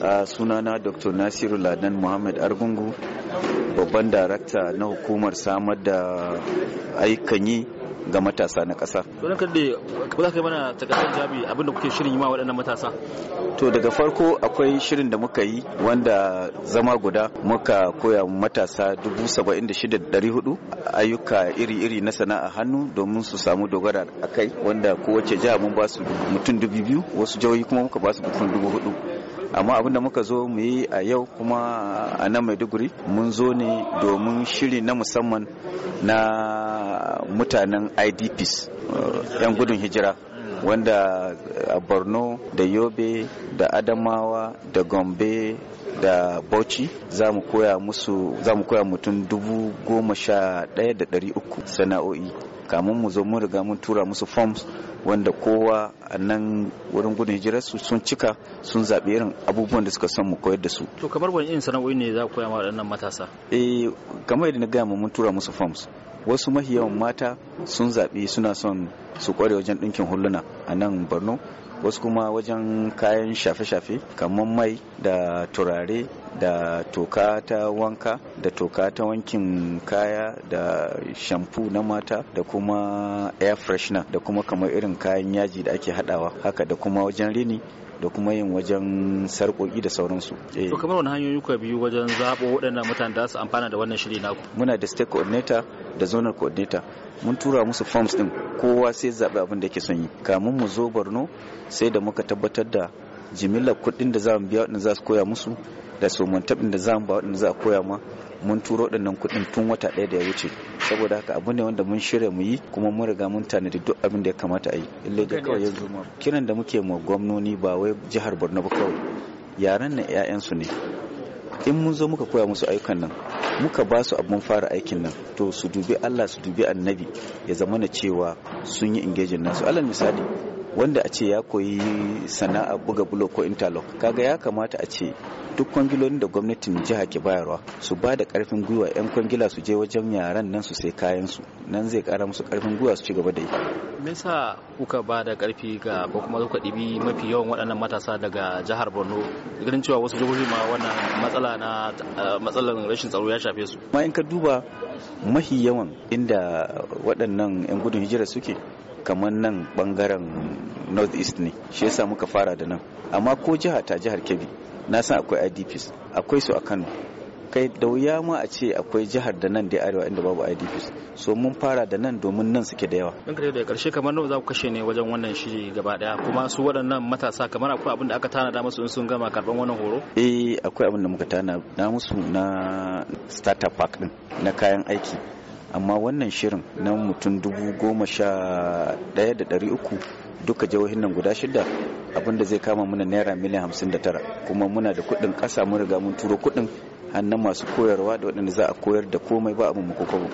a sunana dr nasiru ladan muhammad argungu babban darakta na hukumar samar da ayyukan yi ga matasa na kasa. Don kadai ba za ka yi mana takasar jabi abinda kuke shirin yi ma waɗannan matasa. To daga farko akwai shirin da muka yi wanda zama guda muka koya matasa dubu saba'in da shida hudu ayyuka iri-iri na sana'a hannu domin su samu dogara a kai wanda kowace jiha mun ba su mutum dubu biyu wasu jihohi kuma muka ba su mutum dubu amma abin da muka zo mu yi a yau kuma a nan maiduguri mun zo ne domin shiri na musamman na mutanen idps eh, yan gudun hijira wanda eh, a borno da yobe da adamawa da gombe da bauchi za mu koya musu za mu koya mutum dubu goma sha ɗaya da ɗari uku sana'o'i kamun mu zo mun riga mun tura musu forms wanda kowa a nan wurin gudun hijirar su sun cika sun zaɓi irin abubuwan da suka son mu koyar da su to kamar wani irin sana'o'i ne za ku koya ma waɗannan matasa eh kamar yadda na gaya mun tura musu forms wasu mahiyawan mata sun zaɓi suna son su kware wajen ɗinkin huluna a nan borno wasu kuma wajen kayan shafe-shafe kamar mai da turare da toka ta wanka da toka ta wankin kaya da shampu na mata da kuma air freshener da kuma kamar irin kayan yaji da ake hadawa haka da kuma wajen rini da kuma yin wajen sarƙoƙi da sauransu. Eh. To kamar wani hanyoyi kuka biyu wajen zaɓo waɗannan mutane da su amfana da wannan shiri naku? Muna da state coordinator da zonal coordinator mun tura musu forms ɗin kowa sai zaɓi abin da ke son yi. Kamun mu zo Borno sai da muka tabbatar da jimillar kuɗin da za mu biya waɗanda za su koya musu da somantabin da za mu ba waɗanda za a koya ma mun turo waɗannan kuɗin tun wata ɗaya da ya wuce saboda haka abu ne wanda mun shirya mu yi kuma mun riga mun tanadi duk abin da ya kamata a yi illai da kawai yanzu kiran da muke ma gwamnoni ba wai jihar borno ba kawai yaran na 'ya'yansu ne in mun zo muka koya musu ayyukan nan muka ba su abin fara aikin nan to su dubi Allah su dubi annabi ya zama na cewa sun yi engaging nasu alal misali wanda a ce ya koyi sana'a buga bulo ko interlock kaga ya kamata a ce duk kwangilolin da gwamnatin jiha ke bayarwa su ba da karfin gwiwa yan kwangila su je wajen yaran nan su sai kayan su nan zai kara musu karfin gwiwa su ci gaba da yi me yasa kuka ba da karfi ga ko kuma kuka dibi mafi yawan waɗannan matasa daga jihar Borno ganin cewa wasu jihohi ma wannan matsala na eh, matsalar rashin tsaro ya shafe su ma in ka duba mafi yawan inda waɗannan yan gudun hijira suke kamar nan bangaren north east ne shi yasa muka fara da nan amma ko jiha ta jihar kebbi na san akwai idps akwai su a kano kai da wuya ma a ce akwai jihar da nan da arewa inda babu idps so mun fara da nan domin nan suke da yawa don kare da karshe kamar nawa za ku kashe ne wajen wannan shi gaba daya kuma su waɗannan matasa kamar akwai abin da aka tanada musu in sun gama karɓar wannan horo eh akwai abin da muka tanada musu na startup park din na kayan aiki amma wannan shirin na mutum dubu goma sha ɗaya da ɗari uku duka jihohin nan guda shida abinda zai kama muna naira miliyan hamsin da tara kuma muna da kuɗin ƙasa mun riga mun turo kuɗin hannun masu koyarwa da waɗanda za a koyar da komai ba abin mu kokobo